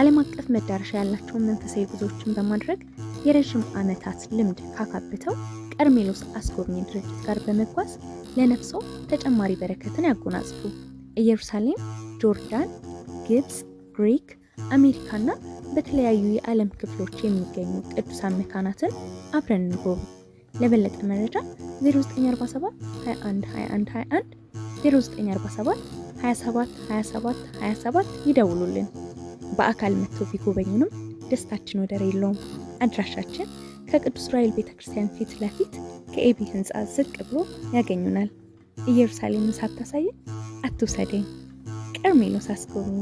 ዓለም አቀፍ መዳረሻ ያላቸውን መንፈሳዊ ጉዞዎችን በማድረግ የረዥም ዓመታት ልምድ ካካብተው ቀርሜሎስ አስጎብኝ ድርጅት ጋር በመጓዝ ለነፍሶ ተጨማሪ በረከትን ያጎናጽፉ። ኢየሩሳሌም፣ ጆርዳን፣ ግብፅ፣ ግሪክ፣ አሜሪካና በተለያዩ የዓለም ክፍሎች የሚገኙ ቅዱሳን መካናትን አብረን እንጎብኝ። ለበለጠ መረጃ 0947 21 21 27 27 ይደውሉልን። በአካል መጥቶ ቢጎበኙንም ደስታችን ወደር የለውም። አድራሻችን ከቅዱስ ራኤል ቤተ ክርስቲያን ፊት ለፊት ከኤቢ ህንፃ ዝቅ ብሎ ያገኙናል። ኢየሩሳሌምን ሳታሳየን አትውሰደኝ፣ ቀርሜሎስ አስጎብኚ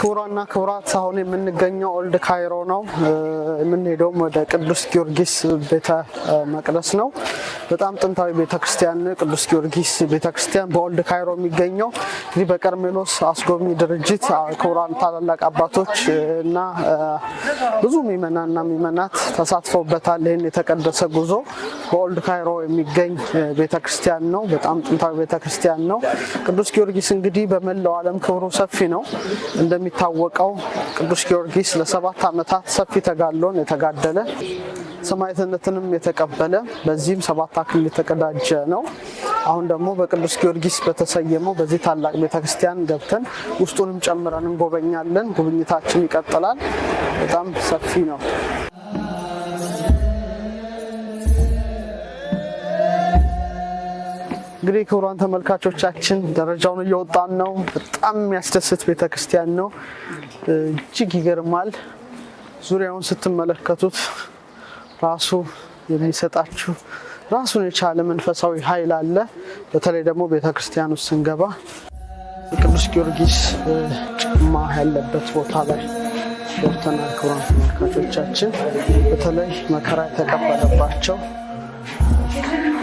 ክቡራና ክቡራት አሁን የምንገኘው ኦልድ ካይሮ ነው። የምንሄደውም ወደ ቅዱስ ጊዮርጊስ ቤተ መቅደስ ነው። በጣም ጥንታዊ ቤተክርስቲያን ቅዱስ ጊዮርጊስ ቤተክርስቲያን በኦልድ ካይሮ የሚገኘው እንግዲህ በቀርሜሎስ አስጎብኝ ድርጅት ክቡራን ታላላቅ አባቶች እና ብዙ ምዕመናንና ሚመናት ተሳትፈውበታል። ይህን የተቀደሰ ጉዞ በኦልድ ካይሮ የሚገኝ ቤተክርስቲያን ነው። በጣም ጥንታዊ ቤተክርስቲያን ነው። ቅዱስ ጊዮርጊስ እንግዲህ በመላው ዓለም ክብሩ ሰፊ ነው። እንደሚታወቀው ቅዱስ ጊዮርጊስ ለሰባት ዓመታት ሰፊ ተጋድሎን የተጋደለ ሰማዕትነትንም የተቀበለ በዚህም ሰባት አክሊል የተቀዳጀ ነው። አሁን ደግሞ በቅዱስ ጊዮርጊስ በተሰየመው በዚህ ታላቅ ቤተክርስቲያን ገብተን ውስጡንም ጨምረን እንጎበኛለን። ጉብኝታችን ይቀጥላል። በጣም ሰፊ ነው። እንግዲህ ክቡራን ተመልካቾቻችን ደረጃውን እየወጣን ነው። በጣም የሚያስደስት ቤተክርስቲያን ነው። እጅግ ይገርማል። ዙሪያውን ስትመለከቱት ራሱ የሚሰጣችሁ ራሱን የቻለ መንፈሳዊ ኃይል አለ። በተለይ ደግሞ ቤተክርስቲያን ውስጥ ስንገባ የቅዱስ ጊዮርጊስ ጫማ ያለበት ቦታ ላይ ገብተናል። ክቡራን ተመልካቾቻችን በተለይ መከራ የተቀበለባቸው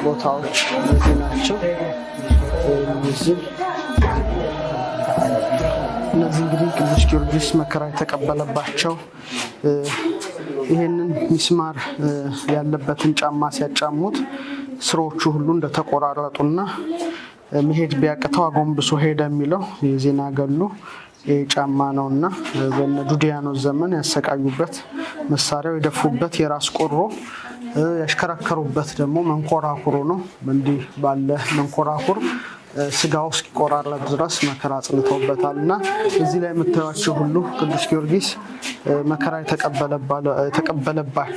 ቦታዎች እነዚህ ናቸው። እነዚህ እነዚህ እንግዲህ ቅዱስ ጊዮርጊስ መከራ የተቀበለባቸው ይህንን ሚስማር ያለበትን ጫማ ሲያጫሙት ስሮቹ ሁሉ እንደተቆራረጡና መሄድ ቢያቅተው አጎንብሶ ሄደ የሚለው የዜና ገሉ ጫማ ነው እና በነ ጁዲያኖስ ዘመን ያሰቃዩበት መሳሪያው የደፉበት የራስ ቁሮ ያሽከረከሩበት ደግሞ መንኮራኩሩ ነው። እንዲህ ባለ መንኮራኩር ስጋው እስኪቆራረጥ ድረስ መከራ ጽንቶበታል እና እዚህ ላይ የምታዩቸው ሁሉ ቅዱስ ጊዮርጊስ መከራ የተቀበለባቸው